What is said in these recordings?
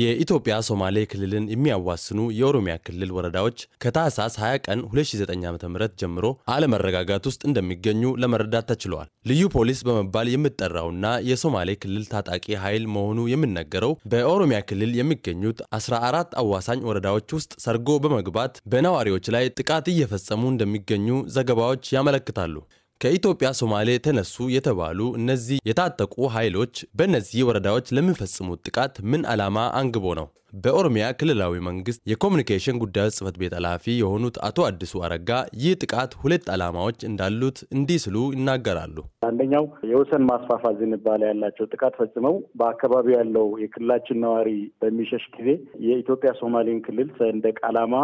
የኢትዮጵያ ሶማሌ ክልልን የሚያዋስኑ የኦሮሚያ ክልል ወረዳዎች ከታህሳስ 20 ቀን 2009 ዓ.ም ጀምሮ አለመረጋጋት ውስጥ እንደሚገኙ ለመረዳት ተችሏል። ልዩ ፖሊስ በመባል የሚጠራውና የሶማሌ ክልል ታጣቂ ኃይል መሆኑ የሚነገረው በኦሮሚያ ክልል የሚገኙት 14 አዋሳኝ ወረዳዎች ውስጥ ሰርጎ በመግባት በነዋሪዎች ላይ ጥቃት እየፈጸሙ እንደሚገኙ ዘገባዎች ያመለክታሉ። ከኢትዮጵያ ሶማሌ ተነሱ የተባሉ እነዚህ የታጠቁ ኃይሎች በእነዚህ ወረዳዎች ለሚፈጽሙት ጥቃት ምን ዓላማ አንግቦ ነው? በኦሮሚያ ክልላዊ መንግስት የኮሚኒኬሽን ጉዳዮች ጽህፈት ቤት ኃላፊ የሆኑት አቶ አዲሱ አረጋ ይህ ጥቃት ሁለት ዓላማዎች እንዳሉት እንዲህ ስሉ ይናገራሉ። አንደኛው የወሰን ማስፋፋት ዝንባሌ ያላቸው ጥቃት ፈጽመው በአካባቢው ያለው የክልላችን ነዋሪ በሚሸሽ ጊዜ የኢትዮጵያ ሶማሌን ክልል ሰንደቅ ዓላማ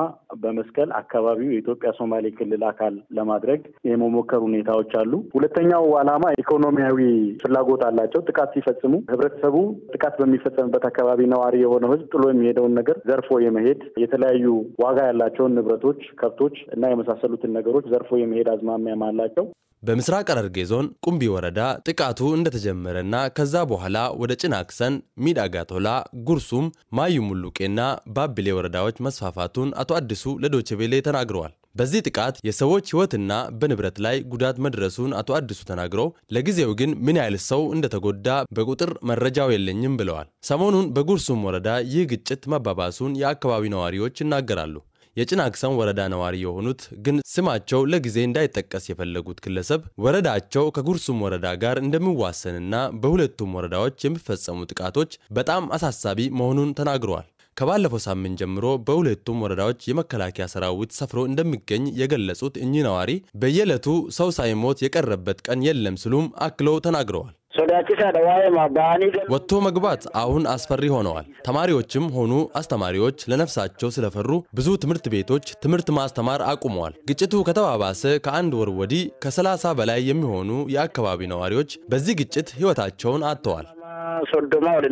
በመስቀል አካባቢው የኢትዮጵያ ሶማሌ ክልል አካል ለማድረግ የመሞከር ሁኔታዎች አሉ። ሁለተኛው ዓላማ ኢኮኖሚያዊ ፍላጎት አላቸው። ጥቃት ሲፈጽሙ ህብረተሰቡ ጥቃት በሚፈጸምበት አካባቢ ነዋሪ የሆነው ህዝብ ጥሎ የሚሄደውን ነገር ዘርፎ የመሄድ የተለያዩ ዋጋ ያላቸውን ንብረቶች፣ ከብቶች እና የመሳሰሉትን ነገሮች ዘርፎ የመሄድ አዝማሚያም አላቸው። በምስራቅ ሐረርጌ ዞን ቁምቢ ወረዳ ጥቃቱ እንደተጀመረና ከዛ በኋላ ወደ ጭናክሰን፣ ሚዳጋቶላ፣ ጉርሱም፣ ማዩ ሙሉቄና ባቢሌ ወረዳዎች መስፋፋቱን አቶ አዲሱ ለዶችቤሌ ተናግረዋል። በዚህ ጥቃት የሰዎች ሕይወትና በንብረት ላይ ጉዳት መድረሱን አቶ አዲሱ ተናግረው ለጊዜው ግን ምን ያህል ሰው እንደተጎዳ በቁጥር መረጃው የለኝም ብለዋል። ሰሞኑን በጉርሱም ወረዳ ይህ ግጭት መባባሱን የአካባቢ ነዋሪዎች ይናገራሉ። የጭናክሰን ወረዳ ነዋሪ የሆኑት ግን ስማቸው ለጊዜ እንዳይጠቀስ የፈለጉት ግለሰብ ወረዳቸው ከጉርሱም ወረዳ ጋር እንደሚዋሰንና በሁለቱም ወረዳዎች የሚፈጸሙ ጥቃቶች በጣም አሳሳቢ መሆኑን ተናግረዋል። ከባለፈው ሳምንት ጀምሮ በሁለቱም ወረዳዎች የመከላከያ ሰራዊት ሰፍሮ እንደሚገኝ የገለጹት እኚህ ነዋሪ በየዕለቱ ሰው ሳይሞት የቀረበት ቀን የለም ሲሉም አክለው ተናግረዋል። ወጥቶ መግባት አሁን አስፈሪ ሆነዋል። ተማሪዎችም ሆኑ አስተማሪዎች ለነፍሳቸው ስለፈሩ ብዙ ትምህርት ቤቶች ትምህርት ማስተማር አቁመዋል። ግጭቱ ከተባባሰ ከአንድ ወር ወዲህ ከ ከ30 በላይ የሚሆኑ የአካባቢ ነዋሪዎች በዚህ ግጭት ሕይወታቸውን አጥተዋል። ሶዶማ ወደ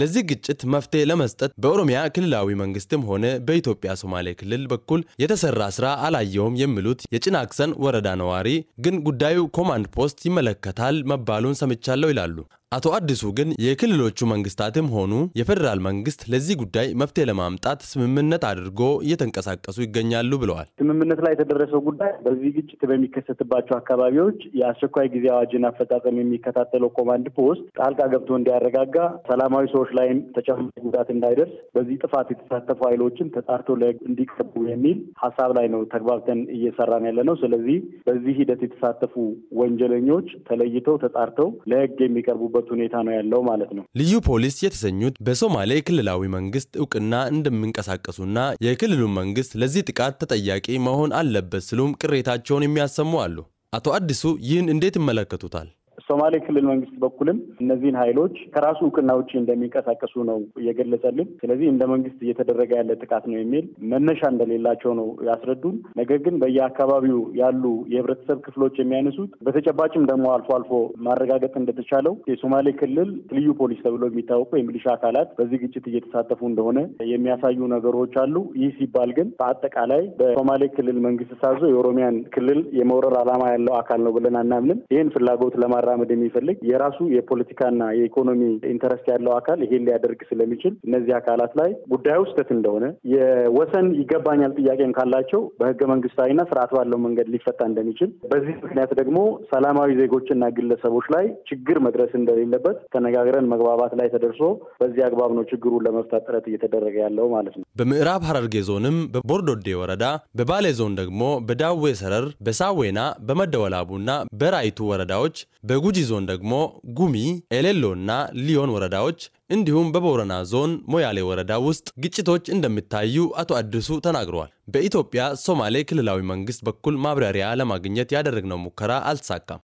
ለዚህ ግጭት መፍትሄ ለመስጠት በኦሮሚያ ክልላዊ መንግስትም ሆነ በኢትዮጵያ ሶማሌ ክልል በኩል የተሰራ ስራ አላየውም የሚሉት የጭናክሰን ወረዳ ነዋሪ ግን ጉዳዩ ኮማንድ ፖስት ይመለከታል መባሉን ሰምቻለሁ ይላሉ። አቶ አዲሱ ግን የክልሎቹ መንግስታትም ሆኑ የፌዴራል መንግስት ለዚህ ጉዳይ መፍትሄ ለማምጣት ስምምነት አድርጎ እየተንቀሳቀሱ ይገኛሉ ብለዋል። ስምምነት ላይ የተደረሰው ጉዳይ በዚህ ግጭት በሚከሰትባቸው አካባቢዎች የአስቸኳይ ጊዜ አዋጅን አፈጻጸም የሚከታተለው ኮማንድ ፖስት ጣልቃ ገብቶ እንዲያረጋጋ፣ ሰላማዊ ሰዎች ላይም ተጨማሪ ጉዳት እንዳይደርስ፣ በዚህ ጥፋት የተሳተፉ ኃይሎችን ተጣርቶ ለህግ እንዲቀቡ የሚል ሀሳብ ላይ ነው ተግባብተን እየሰራን ያለ ነው። ስለዚህ በዚህ ሂደት የተሳተፉ ወንጀለኞች ተለይተው ተጣርተው ለህግ የሚቀርቡ የሚገኙበት ሁኔታ ነው ያለው ማለት ነው። ልዩ ፖሊስ የተሰኙት በሶማሌ ክልላዊ መንግስት እውቅና እንደሚንቀሳቀሱና የክልሉ መንግስት ለዚህ ጥቃት ተጠያቂ መሆን አለበት ሲሉም ቅሬታቸውን የሚያሰሙ አሉ። አቶ አዲሱ ይህን እንዴት ይመለከቱታል? በሶማሌ ክልል መንግስት በኩልም እነዚህን ኃይሎች ከራሱ እውቅና ውጭ እንደሚንቀሳቀሱ ነው እየገለጸልን። ስለዚህ እንደ መንግስት እየተደረገ ያለ ጥቃት ነው የሚል መነሻ እንደሌላቸው ነው ያስረዱን። ነገር ግን በየአካባቢው ያሉ የህብረተሰብ ክፍሎች የሚያነሱት በተጨባጭም ደግሞ አልፎ አልፎ ማረጋገጥ እንደተቻለው የሶማሌ ክልል ልዩ ፖሊስ ተብሎ የሚታወቁ የሚሊሻ አካላት በዚህ ግጭት እየተሳተፉ እንደሆነ የሚያሳዩ ነገሮች አሉ። ይህ ሲባል ግን በአጠቃላይ በሶማሌ ክልል መንግስት ሳዞ የኦሮሚያን ክልል የመውረር ዓላማ ያለው አካል ነው ብለን አናምንም። ይህን ፍላጎት ለማራ ማራመድ የሚፈልግ የራሱ የፖለቲካና የኢኮኖሚ ኢንተረስት ያለው አካል ይሄን ሊያደርግ ስለሚችል እነዚህ አካላት ላይ ጉዳዩ ስህተት እንደሆነ የወሰን ይገባኛል ጥያቄም ካላቸው በህገ መንግስታዊና ስርዓት ባለው መንገድ ሊፈታ እንደሚችል በዚህ ምክንያት ደግሞ ሰላማዊ ዜጎችና ግለሰቦች ላይ ችግር መድረስ እንደሌለበት ተነጋግረን መግባባት ላይ ተደርሶ በዚህ አግባብ ነው ችግሩን ለመፍታት ጥረት እየተደረገ ያለው ማለት ነው። በምዕራብ ሀረርጌ ዞንም በቦርዶዴ ወረዳ፣ በባሌ ዞን ደግሞ በዳዌ ሰረር፣ በሳዌና፣ በመደወላቡና በራይቱ ወረዳዎች በጉ በጉጂ ዞን ደግሞ ጉሚ፣ ኤሌሎና ሊዮን ወረዳዎች እንዲሁም በቦረና ዞን ሞያሌ ወረዳ ውስጥ ግጭቶች እንደሚታዩ አቶ አዲሱ ተናግረዋል። በኢትዮጵያ ሶማሌ ክልላዊ መንግስት በኩል ማብራሪያ ለማግኘት ያደረግነው ሙከራ አልተሳካም።